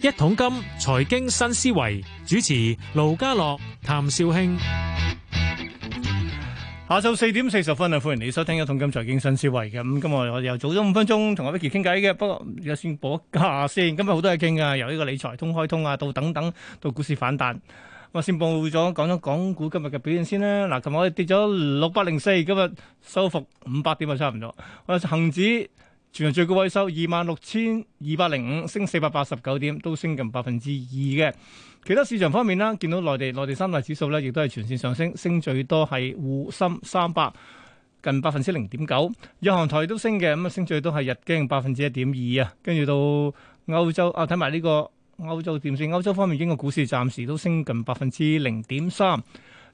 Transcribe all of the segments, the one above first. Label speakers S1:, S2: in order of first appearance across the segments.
S1: 一桶金財經新思維主持盧家樂譚紹興，下晝四點四十分啊，歡迎你收聽一桶金財經新思維嘅咁。今日我哋又早咗五分鐘同阿 Vicky 傾偈嘅，不過而家先報一下先。今日好多嘢傾噶，由呢個理財通開通啊，到等等，到股市反彈。我先報咗講咗港股今日嘅表現先啦。嗱，琴日我哋跌咗六百零四，今日收復五百點啊，差唔多。啊，恒指。全日最高位收二萬六千二百零五，升四百八十九點，都升近百分之二嘅。其他市場方面啦，見到內地內地三大指數咧，亦都係全線上升，升最多係滬深三百近百分之零點九。日韓台都升嘅，咁啊升最多係日經百分之一點二啊，跟住到歐洲啊，睇埋呢個歐洲線先。歐洲方面，英國股市暫時都升近百分之零點三。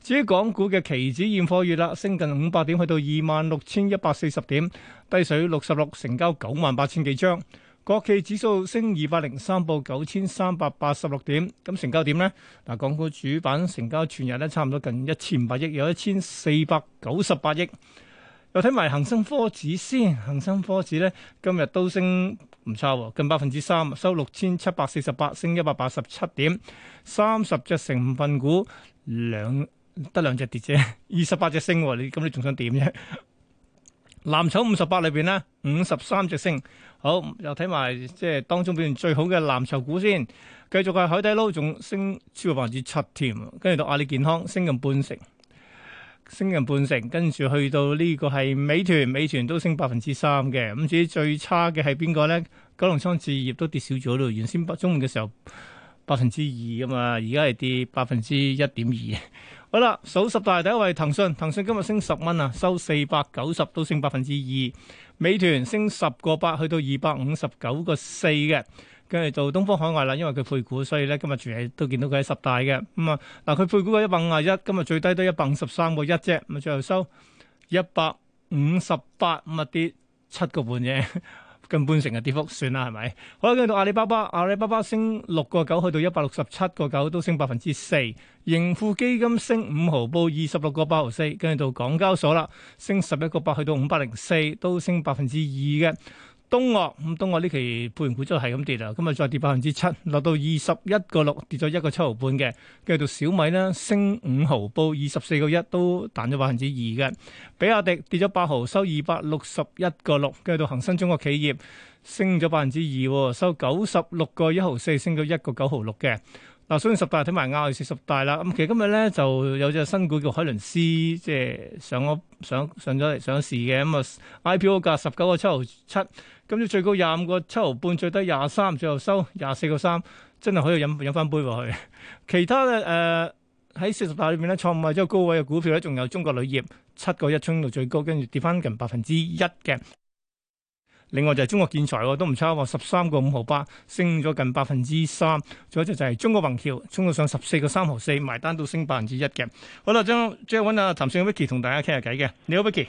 S1: 至於港股嘅期指現貨月啦，升近五百點，去到二萬六千一百四十點，低水六十六，成交九萬八千幾張。國企指數升二百零三，到九千三百八十六點，咁成交點呢？嗱，港股主板成交全日咧，差唔多近一千五百億，有一千四百九十八億。又睇埋恒生科指先，恒生科指咧今日都升唔差，近百分之三，收六千七百四十八，升一百八十七點，三十隻成分股兩。得兩隻跌啫，二十八隻升，你咁你仲想點啫？藍籌五十八裏邊呢，五十三隻升，好又睇埋即係當中表現最好嘅藍籌股先。繼續係海底撈仲升超過百分之七添，跟住到阿里健康升近半成，升近半成，跟住去到呢個係美團，美團都升百分之三嘅。至於最差嘅係邊個咧？九龍倉置業都跌少咗咯，原先八中午嘅時候。百分之二咁嘛，而家係跌百分之一點二。 好啦，數十大第一位騰訊，騰訊今日升十蚊啊，收四百九十都升百分之二。美團升十個八，去到二百五十九個四嘅，跟住做東方海外啦，因為佢配股，所以咧今日全日都見到佢喺十大嘅。咁、嗯、啊，嗱佢配股係一百五十一，今日最低都一百五十三個一啫，咁啊最後收一百五十八，咁啊跌七個半嘅。 近半成嘅跌幅，算啦，係咪？好啦，跟住到阿里巴巴，阿里巴巴升六個九，去到一百六十七個九，都升百分之四。盈富基金升五毫，報二十六個八毫四。跟住到港交所啦，升十一個八，去到五百零四，都升百分之二嘅。東岳咁東岳呢期配股都係咁跌啊，今日再跌百分之七，落到二十一個六，跌咗一個七毫半嘅。繼續到小米咧，升五毫，報二十四個一，都彈咗百分之二嘅。比亞迪跌咗八毫，收二百六十一個六。繼續到恒生中國企業升咗百分之二，收九十六個一毫四，升咗一個九毫六嘅。嗱，所以十大睇埋亞二四十大啦。咁其實今日咧就有隻新股叫海倫斯，即係上一上上咗嚟上市嘅咁啊。IPO 價十九個七毫七，今朝最高廿五個七毫半，最低廿三，最後收廿四個三，真係可以飲飲翻杯落去！佢其他咧誒喺四十大裏面咧，創咗高位嘅股票咧，仲有中國鋁業七個一，衝到最高，跟住跌翻近百分之一嘅。另外就係中國建材喎，都唔差喎，十三個五毫八，升咗近百分之三。仲有一隻就係中國宏橋，衝到上十四個三毫四，埋單到升百分之一嘅。好啦，將即係揾阿譚紹興 Vicky 同大家傾下偈嘅，你好 Vicky。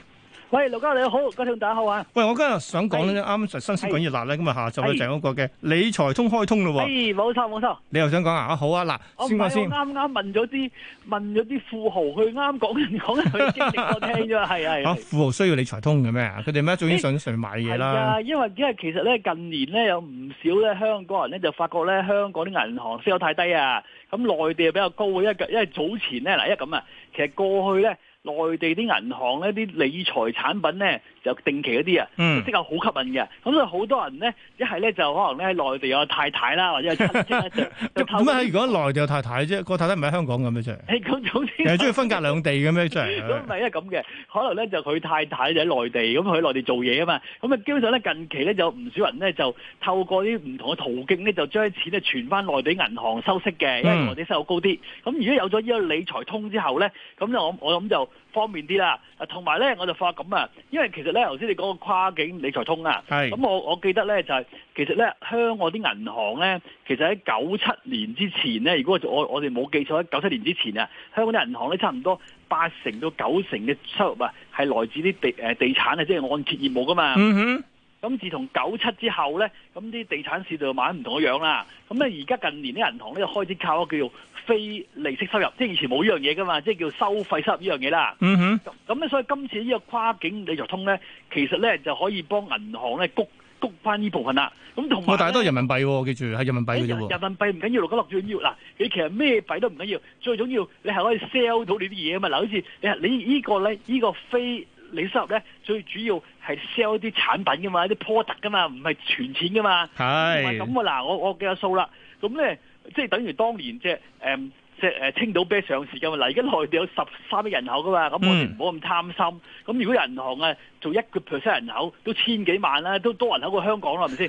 S2: 喂，盧家你好，家上大家好啊！喂，我今日想講咧，啱
S1: 啱就新鮮滾熱辣咧，今日下晝咧就係嗰個嘅理財通開通嘞喎！
S2: 哎，冇錯冇錯，
S1: 你又想講啊？好啊嗱，先講先，
S2: 啱啱問咗啲問咗啲富豪，佢啱講完講完先聽我聽咗，係係。好，
S1: 富豪需要理財通嘅咩？佢哋咩？早已經上上買嘢啦。係啊，
S2: 因為因為其實咧，近年咧有唔少咧香港人咧就發覺咧，香港啲銀行息口太低啊，咁內地又比較高嘅，一嘅因為早前咧嗱，一咁啊，其實過去咧。內地啲銀行咧，啲理財產品呢。就定期嗰啲啊，即係、嗯、好吸引嘅。咁所以好多人咧，一係咧就可能咧喺內地有太太啦，或者有親
S1: 戚咧咁啊。 如果內地有太太啫，個太太唔喺香港咁樣啫。誒、哎，咁總之又中意分隔兩地嘅咩？如果唔係
S2: 咧咁嘅。可能咧就佢太太就喺內地，咁佢喺內地做嘢啊嘛。咁啊，基本上咧近期咧就唔少人咧就透過啲唔同嘅途徑咧就將啲錢啊存翻內地銀行收息嘅，嗯、因為內地息口高啲。咁、嗯、如果有咗呢個理財通之後咧，咁就我我諗就方便啲啦。同埋咧我就發覺咁啊，因為其實。咧，頭先你講個跨境理財通啊，咁我我記得咧就係其實咧，香港啲銀行咧，其實喺九七年之前咧，如果我我哋冇記錯喺九七年之前啊，香港啲銀行咧差唔多八成到九成嘅收入唔係係來自啲地誒地產啊，即係按揭業務㗎嘛。咁自從九七之後咧，咁啲地產市就買唔同嘅樣啦。咁咧而家近年啲銀行咧開始靠嗰叫做非利息收入，即係以前冇呢樣嘢噶嘛，即係叫收費收入呢樣嘢啦。嗯哼。咁咧所以今次呢個跨境理財通咧，其實咧就可以幫銀行咧谷谷翻呢部分啦。咁同埋大家都
S1: 係人民幣記住係人民幣嘅啫喎。人
S2: 民幣唔緊要，六加六最緊要嗱。你其實咩幣都唔緊要，最緊要你係可以 sell 到你啲嘢啊嘛。嗱，好似你你呢個咧呢個非。你收入咧最主要係 sell 啲產品噶嘛，啲 product 噶嘛，唔係存錢噶嘛。係是。咁啊、嗯！嗱，我我計下數啦。咁咧即係等於當年即係誒即係誒青島啤上市噶嘛。嗱，而家內地有十三億人口噶嘛，咁我哋唔好咁貪心。咁、嗯、如果銀行啊做一個 percent 人口都千幾萬啦，都多人口過香港啦，係咪先？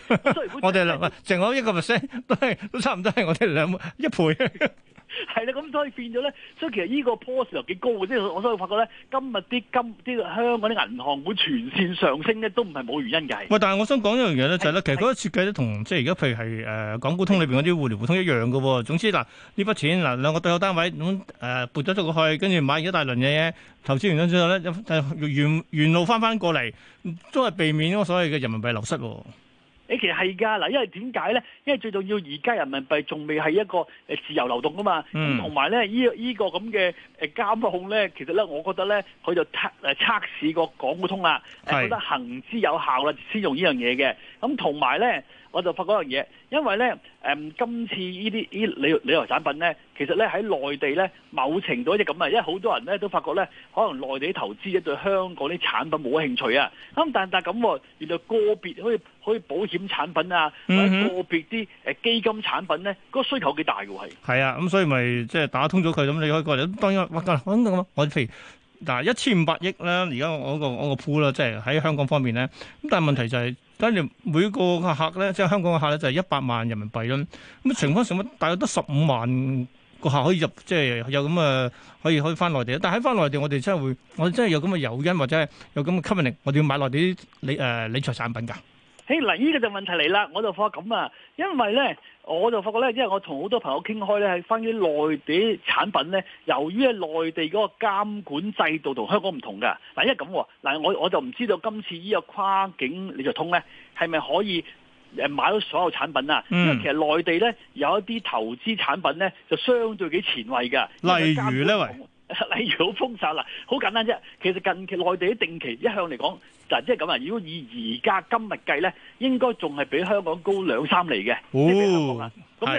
S1: 我哋兩成個一個 percent 都係都差唔多係我哋兩一倍。
S2: 係啦，咁所以變咗咧，所以其實依個波市又幾高，即係我所以我發覺咧，今日啲金啲香港啲銀行股全線上升咧，都唔係冇原因嘅。喂，
S1: 但係我想講一樣嘢咧，是就係、是、咧，其實嗰個設計都同即係而家譬如係誒、呃、港股通裏邊嗰啲互聯互通一樣嘅喎、哦。總之嗱，呢、啊、筆錢嗱、啊、兩個對口單位咁誒、呃、撥咗出去，跟住買咗一大輪嘢，投資完咗之後咧，就沿沿路翻翻過嚟，都係避免嗰個所謂嘅人民幣流失喎、哦。
S2: 其實係噶，嗱，因為點解咧？因為最重要，而家人民幣仲未係一個誒自由流動噶嘛，嗯，同埋咧依依個咁嘅誒監控咧，其實咧我覺得咧，佢就測誒測試過講唔通啦，覺得行之有效啦，先用呢樣嘢嘅，咁同埋咧。我就發嗰樣嘢，因為咧誒、嗯，今次呢啲呢旅旅遊產品咧，其實咧喺內地咧，某程度一啲咁啊，因為好多人咧都發覺咧，可能內地投資者對香港啲產品冇興趣啊。咁但係但係咁喎，原來個別可以好似保險產品啊，或者個別啲誒基金產品咧，嗰需求幾大㗎喎係。
S1: 係啊，咁、 啊、所以咪即係打通咗佢，咁你可以過嚟。咁當然，我得我咁，我譬如嗱一千五百億啦，而家我個我個鋪啦，即係喺香港方面咧。咁但係問題就係、是。 咁你每個個客咧，即係香港嘅客咧，就係一百萬人民幣囉。咁情況上咧，大概得十五萬個客可以入，即係有咁嘅可以可以返內地。但係喺返內地，我哋真係會，我哋真係有咁嘅誘因或者係有咁嘅吸引力，我哋要買內地啲理誒、呃、理財產品㗎。
S2: 嘿，嗱，依、這個就問題嚟啦、啊，我就發覺咁啊，因為咧，我就發覺咧，因為我同好多朋友傾開咧，係關於內地產品咧，由於係內地嗰個監管制度同香港唔同嘅，嗱、啊，因為咁，嗱，我我就唔知道今次呢個跨境理財通咧，係咪可以誒買到所有產品啊？嗯、因為其實內地咧有一啲投資產品咧就相對幾前衞嘅，例如咧，喂。 例如好封殺啦，好簡單啫。其實近期內地啲定期一向嚟講，嗱即係咁啊。如果以而家今日計咧，應該仲係比香港高兩三厘嘅。咁啊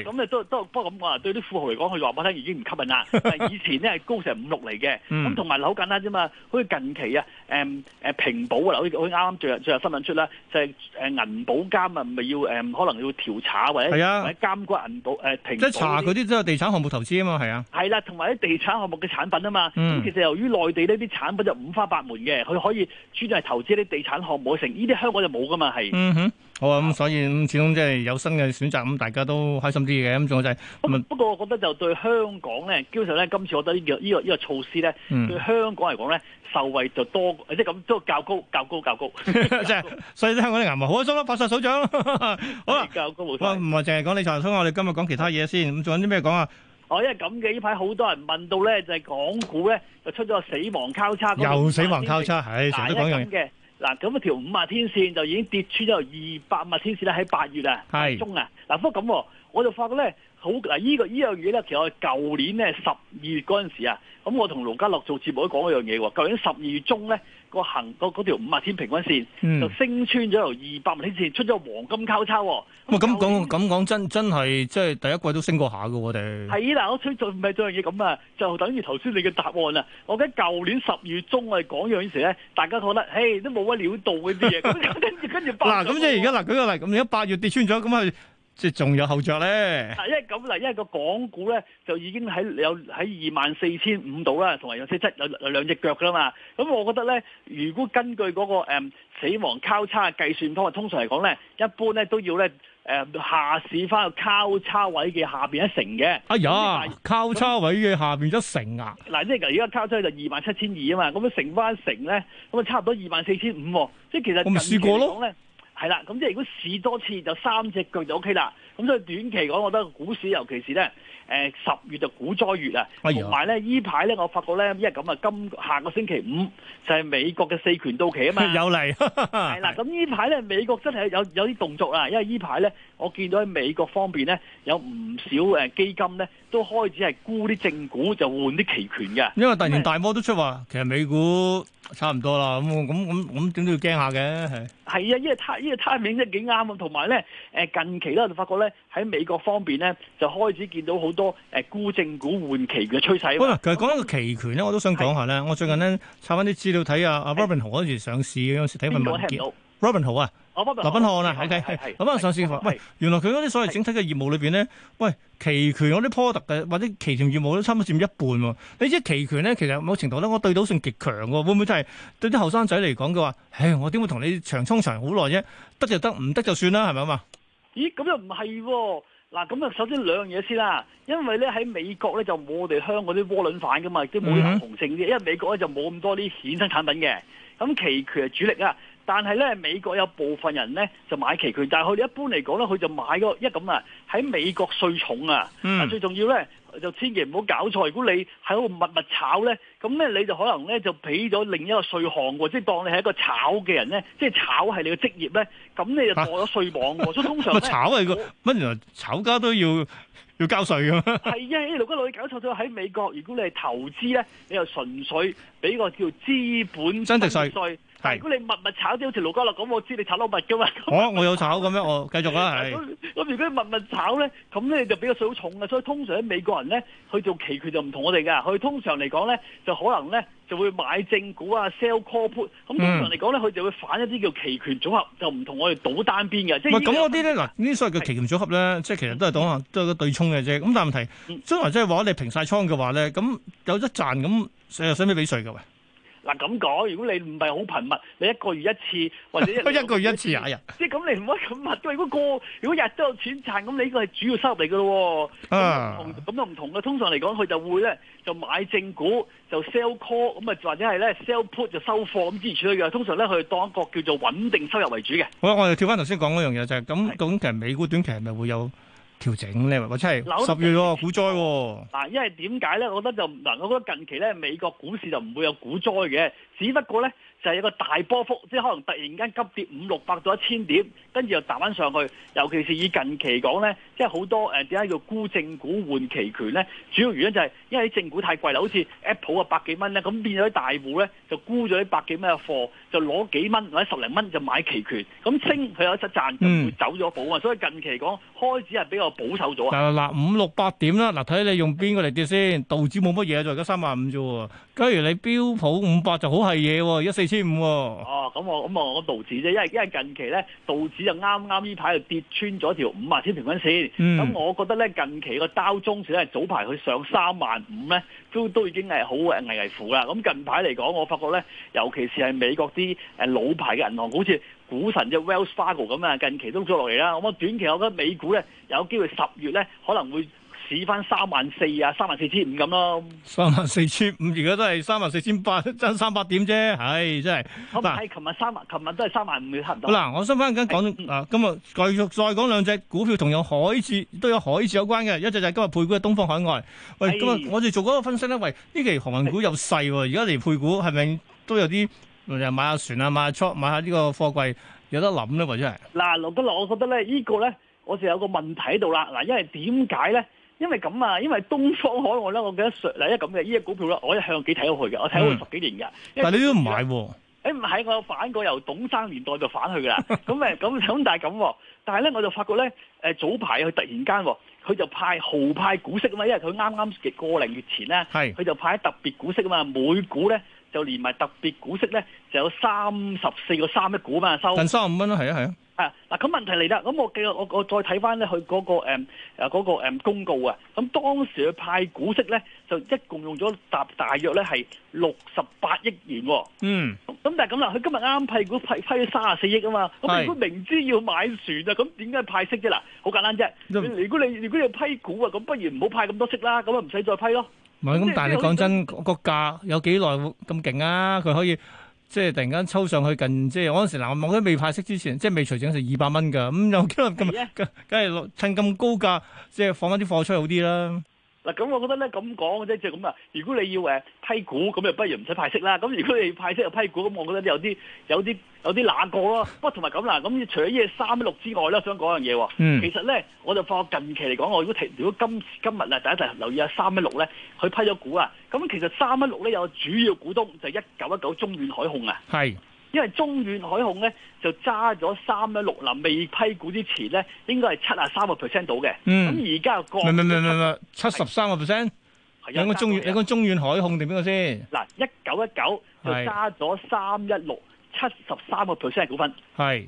S2: 咁都都不過咁講啊，是對啲富豪嚟講，佢話我聽已經唔吸引啦。以前咧係高成五六厘嘅。咁同埋好簡單啫嘛。好似近期啊，誒、嗯、誒平保啊，嗱，我啱啱最近最新聞出啦，就係、是、誒銀保監啊，咪要誒可能要調查或者監管銀保誒、呃、平保。即查嗰啲
S1: 即係地產項目投資啊嘛，係啊。
S2: 係啦， 同埋啲地產項目嘅產品。啊嘛，咁其實由於內地呢啲產品就五花八門嘅，佢可以專係投資啲地產項目成，呢啲香港就冇㗎嘛，係。
S1: 嗯哼，好啊，咁所以咁始終即係有新嘅選擇，咁大家都開心啲嘅。咁仲有就係，不過不
S2: 過我覺得就對香港咧，基本上咧，今次我覺得呢個呢個呢個措施咧，對香港嚟講咧，受惠就多，即係咁都較高較高較高。即係，
S1: 所以香港啲銀行好開心咯，發晒手掌。
S2: 好啦，較高冇
S1: 錯，唔係淨係講理財通，我哋今日講其他嘢先。咁仲有啲咩講啊？
S2: 哦，因為咁嘅，呢排好多人問到咧，就係港股咧就出咗個死亡交叉，又死亡交
S1: 叉，係成日都講緊嘅。
S2: 嗱是，咁啊，條五十天線就已經跌穿咗二百五十天線咧，喺八月啊，中啊是，嗱，不過咁，我就發覺咧。好嗱，依、這個依樣嘢咧，其實我係舊年咧十二月嗰陣時啊，咁我同盧家樂做節目都講一樣嘢喎。究竟十二月中咧，那個行個嗰條五十天平均線就升穿咗由二百天線出咗黃金交叉。哇！
S1: 咁講咁講真真係，即係第一季都升過下嘅，我哋係
S2: 啦。我推進咪咗樣嘢咁啊，就等於頭先你嘅答案啦。我喺舊年十二月中我哋講樣嘢時咧，大家覺得誒都冇乜料到啲嘢。嗱咁即
S1: 係而家嗱舉個例咁，如果八月跌穿咗咁係。即係仲有後著咧，啊，
S2: 因為咁嗱，因為個港股咧就已經喺有喺二萬四千五度啦，同埋有七七有兩隻腳噶啦嘛。咁我覺得咧，如果根據嗰個死亡交叉嘅計算方法，通常嚟講咧，一般咧都要咧誒下市翻個交叉位嘅下邊一成嘅。
S1: 哎呀，嗱交叉位嘅下邊一成啊！
S2: 嗱，即係而家交叉就二萬七千二啊嘛，咁樣乘翻一成咧，咁啊差唔多二萬四千五。即係其實我唔試過咯。係啦，咁即係如果試多次就三隻腳就 O K 啦。咁所以短期講，我覺得股市尤其是咧，誒十月就股災月啊。同埋咧，依排咧，我發覺咧，因為咁啊，今下個星期五就係美國嘅四權到期啊嘛。 有嚟係啦，咁呢排咧，美國真係有有啲動作啦，因為呢排咧，我見到喺美國方面咧有唔少誒基金咧都開始係沽啲正股就換啲期權
S1: 嘅。因為突然大摩都出話，其實美股差唔多啦。咁咁咁咁點都要驚下嘅係。
S2: 係啊，因為個呢個 timing 真係幾啱啊，同埋咧誒近期咧，我就發覺咧喺美國方面咧，就開始見到好多誒沽正股換期嘅趨勢。喂，
S1: 其實講到個期權咧，我都想講下咧，的我最近咧查翻啲資料睇下，啊，阿 Robin 何嗰時上市嗰陣時睇份文件。羅賓好啊，羅賓漢啊，OK，咁啊，上市啊，喂，原來佢嗰啲所謂整體嘅業務裏邊咧，喂，期權嗰啲 product 嘅或者期權業務都差唔多佔一半喎。你知期權咧，其實某程度咧，我對賭性極強嘅，會唔會真係對啲後生仔嚟講，嘅話，唉，我點會同你長衝長好耐啫？得就得，唔得就算啦，係咪啊嘛？
S2: 咦，咁又唔係喎？嗱，咁啊，首先兩樣嘢先啦，因為咧喺美國咧就冇我哋香港啲窩輪反嘅嘛，亦都冇啲流動性啲，因為美國咧就冇咁多啲衍生產品嘅，咁期權係主力啊。但係咧，美國有部分人咧就買期權，但係佢哋一般嚟講咧，佢就買嗰一咁啊，喺美國稅重啊，啊、嗯、最重要咧就千祈唔好搞錯，如果你喺度密密炒咧。咁咧你就可能咧就俾咗另一個稅項喎，即係當你係一個炒嘅人咧，即係炒係你嘅職業咧，咁你就過咗稅網喎。啊、所以通常 炒係個
S1: 乜我原來炒家都要要交稅㗎。係
S2: 啊，呢度嘅老友搞錯咗。喺美國，如果你係投資咧，你又純粹俾個叫資本增值稅。係如果你密密炒啲，好似盧家樂講，我知你炒攞物㗎嘛。
S1: 我我有炒咁樣，我繼續啦係。
S2: 咁如果密密炒咧，咁咧就比較稅重嘅，所以通常喺美國人咧去做期權就唔同我哋㗎，佢通常嚟講咧就。可能咧就會買正股啊，sell corporate，咁通常嚟講咧，佢就會反一啲叫期權組合，就唔同我哋賭單邊嘅。即係咁嗰
S1: 啲咧，嗱呢啲所謂叫期權組合咧，即係、嗯、其實都係賭啊，都係個對沖嘅啫。咁但係問題，雖然即係話你平晒倉嘅話咧，咁有一賺咁，使唔使俾稅嘅喎？
S2: 嗱咁講，如果你唔係好頻密，你一個月一次或者一，都 一個月一次啊！即係咁， 你唔可以咁密。因為如果過，如果日都有錢賺，咁你依個係主要收入嚟㗎咯。啊就，咁都唔同嘅。通常嚟講，佢就會咧就買正股，就 sell call 咁啊，或者係咧 sell put 就收貨咁之前處理嘅。通常咧，佢當一個叫做穩定收入為主嘅。
S1: 好啦，我哋跳翻頭先講嗰樣嘢就係咁。究竟其實美股短期係咪會有？調整咧，或者係十月個股災喎。
S2: 嗱，因為點解咧？我覺得就嗱，我覺得近期咧美國股市就唔會有股災嘅，只不過咧。就係 一個大波幅，即係可能突然間急跌五六百到一千點，跟住又彈翻上去。尤其是以近期講咧，即係好多誒點解叫沽正股換期權咧？主要原因就係因為啲正股太貴啦，好似 Apple 啊百幾蚊咧，咁變咗啲大戶咧就沽咗啲百幾蚊嘅貨，就攞幾蚊或者十零蚊就買期權，咁升佢有一筆賺，就會走咗保啊。所以近期講開始係比較保守咗啊。嗱，
S1: 五六百點啦，嗱，睇你用邊個嚟跌先？道指冇乜嘢，就而家三萬五啫喎。假如你標普五百就好係嘢喎，一四千五
S2: 喎。哦，咁、啊、我咁我個道指啫，因為因為近期咧，道指就啱啱呢排就跌穿咗條五萬千平均線。咁、嗯、我覺得咧，近期個包中市咧，早排佢上三萬五咧，都都已經係好誒危危乎啦。咁近排嚟講，我發覺咧，尤其是係美國啲誒老牌嘅銀行，好似股神隻 Wells Fargo 咁啊，近期都咗落嚟啦。咁我短期我覺得美股咧，有機會十月咧可能會。
S1: 市翻三萬四啊，三萬四千五咁咯。三萬四千五而家都係三萬四千八，爭三百點啫。唉，真係。嗱，琴日三萬，
S2: 琴日都係三萬五要行到。嗱，我
S1: 想翻跟講，嗱，今日繼續再講兩隻股票，同有海字都有海字有關嘅，一隻就係今日配股嘅東方海外。喂，今日我哋做嗰個分析咧，喂，呢期航運股又細，而家嚟配股係咪都有啲又買下船啊，買下倉，買下呢個貨櫃，有得諗咧？話真係。
S2: 嗱，劉德樂，我覺得咧，呢個咧，我哋有個問題喺度啦。嗱，因為點解咧？因為咁啊，因為東方海外咧，我記得嗱，依咁嘅呢隻股票咧，我一向幾睇落佢嘅，我睇佢十幾年㗎、嗯。但係你
S1: 都唔買喎？
S2: 誒唔係，我反過由董生年代就反去噶啦。咁誒咁，但係咁、啊，但係咧我就發覺咧，誒早排佢突然間、啊，佢就派豪派股息啊嘛，因為佢啱啱個零月前咧，佢是就派特別股息啊嘛，每股咧。就連埋特別股息咧，就有三十四個三蚊一股嘛收，近
S1: 三十五蚊啦，係啊，係啊，啊、那
S2: 個嗯。啊，嗱，咁問題嚟啦。咁我記我我再睇翻咧，佢嗰個誒誒嗰個誒公告啊。咁當時佢派股息咧，就一共用咗搭大約咧係六十八億元、啊。嗯。咁但係咁啦，佢今日啱批股批批咗三十四億啊嘛，咁我哋都明知要買船啊，咁點解派息啫？嗱，好簡單啫。如果你如果你批股啊，咁不如唔好派咁多息啦，咁啊唔使再批咯。唔係咁，但係你講真
S1: 個價有幾耐會咁勁啊？佢可以即係突然間抽上去近，即係嗰陣時嗱，我望啲未派息之前，即係未除整成二百蚊㗎。咁、嗯、有咁，梗係的趁咁高價，即係放翻啲貨出去好啲啦。
S2: 嗱咁，我覺得咧咁講嘅啫即係咁啊！如果你要誒批股，咁就不如唔使派息啦。咁如果你要派息又批股，咁我覺得有啲有啲有啲揦過咯。不過同埋咁啦，咁除咗呢三一六之外咧，想講樣嘢。嗯。其實咧，我就放近期嚟講，我如果提如果今今日啊，第一集留意下三一六咧，佢批咗股啊。咁其實三一六咧有主要股東就係一九一九中遠海控啊。係。因為中遠海控咧就揸咗三一六臨未批股之前咧，應該係七啊三個 percent 到嘅。嗯，咁而家又過。唔七
S1: 十三個
S2: percent。21,
S1: 你講中遠，你講中遠海控定邊個先？
S2: 嗱，一九一九就揸咗三一六七十三個 percent 股份。係是，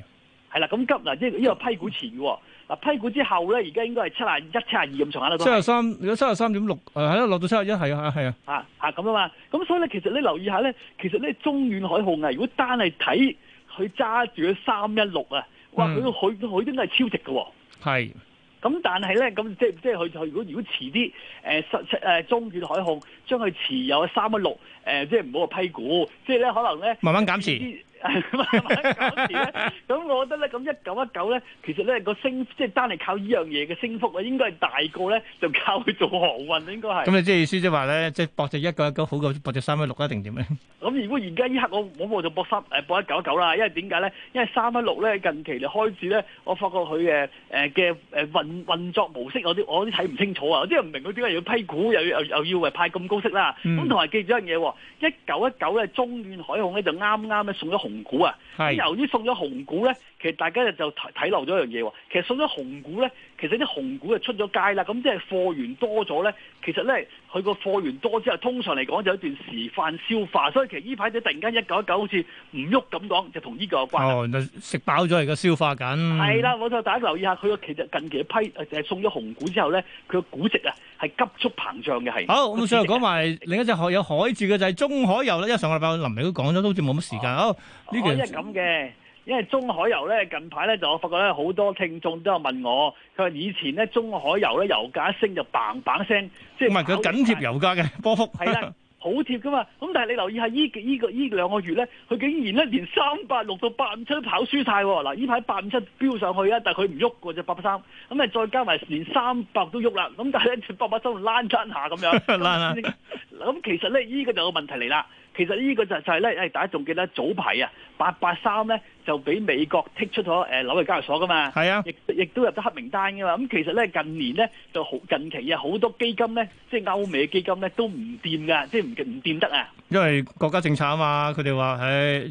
S2: 係啦，咁急嗱，即係因為批股前嘅。嗱、啊、批股之後咧，而家應該係七廿一、七廿二咁上下啦。七十
S1: 三，如果七十三點六，誒係咯，落到七十一係啊，係啊，嚇
S2: 嚇咁啊嘛。咁、啊啊、所以咧，其實你留意下咧，其實咧中遠海控啊，如果單係睇佢揸住嘅三一六啊，哇，佢佢佢啲都係超值嘅喎、啊。係是。咁、啊、但係咧，咁即係即係佢如果如果遲啲誒七誒中遠海控將佢持有三一六誒，即係唔好話批股，即係咧可能咧慢慢減持。咁 我覺得咧，咁一九一九咧，其實咧個升即係單係靠呢樣嘢嘅升幅，應該係大過咧就靠佢做航運，應該係。咁你即係意
S1: 思即係話咧，即係博隻一九一九好過博隻三一六，一定點咧？
S2: 咁如果而家依刻我我冇就博三，誒博一九一九啦，因為點解咧？因為三一六咧近期嚟開始咧，我發覺佢嘅誒嘅誒運運作模式我，我啲我啲睇唔清楚啊！我真係唔明佢點解要批股，又又又要派咁高息啦。咁同埋記住一樣嘢，一九一九咧中遠海控咧就啱啱咧送咗紅股啊，係由於送咗紅股咧。其實大家咧就睇漏咗一樣嘢，其實送咗紅股咧，其實啲紅股就出咗街啦，咁即係貨源多咗咧，其實咧佢個貨源多之後，通常嚟講就一段時限消化，所以其實呢排就突然間一九一九好似唔喐咁講，就同呢個有關。
S1: 哦，食飽咗而家消化緊。係
S2: 啦，我就大家留意下佢個其實近期一批誒送咗紅股之後咧，佢個股值啊係急速膨脹嘅係。好，咁再
S1: 講埋另一隻海有海字嘅就係、是、中海油啦，因為上個禮拜我臨嚟都講咗，都好似冇乜時間哦。海、哦、一咁嘅。
S2: 因為中海油咧，近排咧就我發覺咧，好多聽眾都有問我，佢話以前咧中海油咧，油價一升就砰砰聲，即係唔係佢緊貼油價嘅波幅，係啦，好貼噶嘛。咁但係你留意下依依個依兩個月咧，佢竟然咧連三百六到八五七都跑輸晒。嗱，依排八五七飆上去啊，但係佢唔喐噶啫，百八三。咁你再加埋連三百都喐啦，咁但係咧百八三度躝下咁樣，躝啦。咁其實咧依個就有問題嚟啦。其實呢個就就係咧，誒大家仲記得早排啊，八八三咧就俾美國剔出咗誒紐約交易所噶嘛，係啊，亦亦都入咗黑名單嘅嘛。咁其實咧，近年咧就好近期啊，好多基金咧，即係歐美基金咧都唔掂㗎，即係唔唔掂得啊。因
S1: 為國家政策啊嘛，佢哋話誒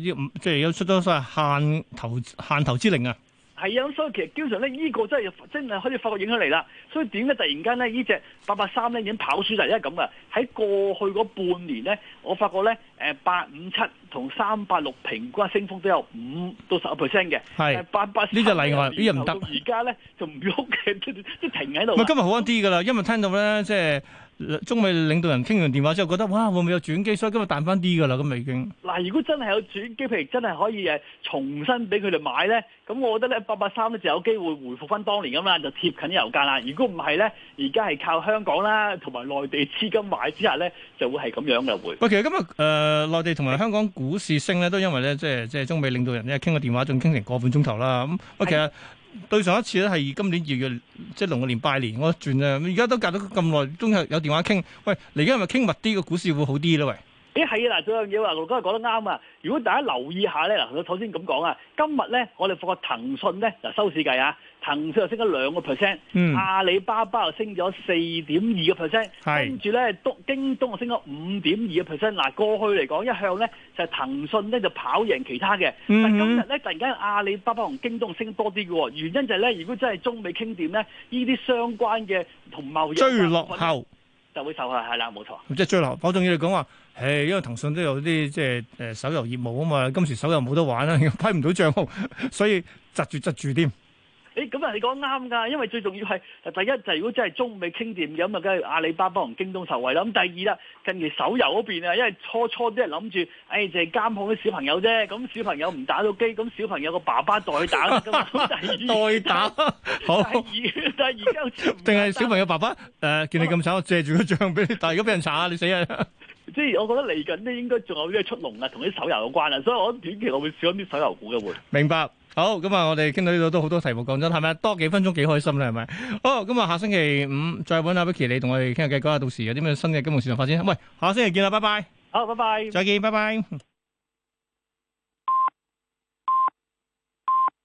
S1: 要即係要出所謂限投限投資令啊。
S2: 係啊、 嗯，所以其實經常咧，呢個真係真係可以發覺影響嚟啦。所以點解突然間咧，呢隻八八三咧已經跑輸，就係因為咁啊，喺過去嗰半年咧，我發覺咧，誒八五七同三八六平均升幅都有五到十個 percent 嘅。係八八三呢個例外，呢個唔得。而家咧就唔喐嘅，即係停喺度。今日好一
S1: 啲㗎啦，因為聽到咧即係。中美領導人傾完電話之後，覺得哇，會唔會有轉機？所以今日彈翻啲噶啦，咁咪已經。
S2: 嗱，如果真係有轉機，譬如真係可以誒重新俾佢哋買咧，咁我覺得咧八八三咧就有機會回復翻當年咁啦，就貼近油價啦。如果唔係咧，而家係靠香港啦同埋內地資金買之下咧，就會係咁樣嘅會。
S1: 喂，其實今日誒、呃、內地同埋香港股市升咧，都因為咧即係即係中美領導人咧傾個電話，仲傾成個半鐘頭啦。咁，O K。Okay 啊。對上一次咧係今年二月，即係龍年拜年，我轉啦。而家都隔咗咁耐，終於有電話傾。喂，嚟緊係咪傾密啲個股市會好啲咧？喂！
S2: 咦，係啊嗱，仲有樣嘢話，盧哥講得啱啊！如果大家留意下咧，嗱，我首先咁講啊，今日咧我哋復個騰訊咧，嗱收市計啊，騰訊又升咗兩個 percent，嗯，阿里巴巴又升咗四點二個 percent，係，跟住咧東京東又升咗五點二個 percent。嗱、啊，過去嚟講一向咧就係、是、騰訊咧就跑贏其他嘅，但今日咧突然間阿里巴巴同京東升多啲嘅，原因就係咧，如果真係中美傾掂咧，呢啲相關嘅同貿易，落後。就會受
S1: 害係啦，冇錯。即係最落，好重要你講話。誒，因為騰訊都有啲即係誒手遊業務啊嘛，今時手遊冇得玩啦，又批唔到賬號，所以窒住窒住添。
S2: 誒咁啊，你講啱㗎，因為最重要係第一就係如果真係中美未傾掂嘅咁啊，梗係阿里巴巴同京東受惠啦。咁第二啦，近期手遊嗰邊啊，因為初初啲人諗住，誒、欸、淨係、是、監控啲小朋友啫。咁小朋友唔打到機，咁小朋友個爸爸代打，咁 第二 代打。好。第二，第二張。
S1: 定係 小朋友爸爸誒、呃、見你咁慘，我借住個帳俾你，但係如果俾人查啊，你死啊！
S2: 即係我覺得嚟緊咧應該仲有啲咩出籠啊，同啲手遊有關啊，所以我短期我會少啲手遊股嘅會。
S1: 明白，好咁啊！我哋傾到呢度都好多題目講真係咪多幾分鐘幾開心咧？係咪？好咁啊！下星期五再揾阿 Vicky 你同我哋傾下偈，講下到時有啲咩新嘅金融市場發展。喂，下星期見啦，拜拜。好，拜拜。再見，拜拜。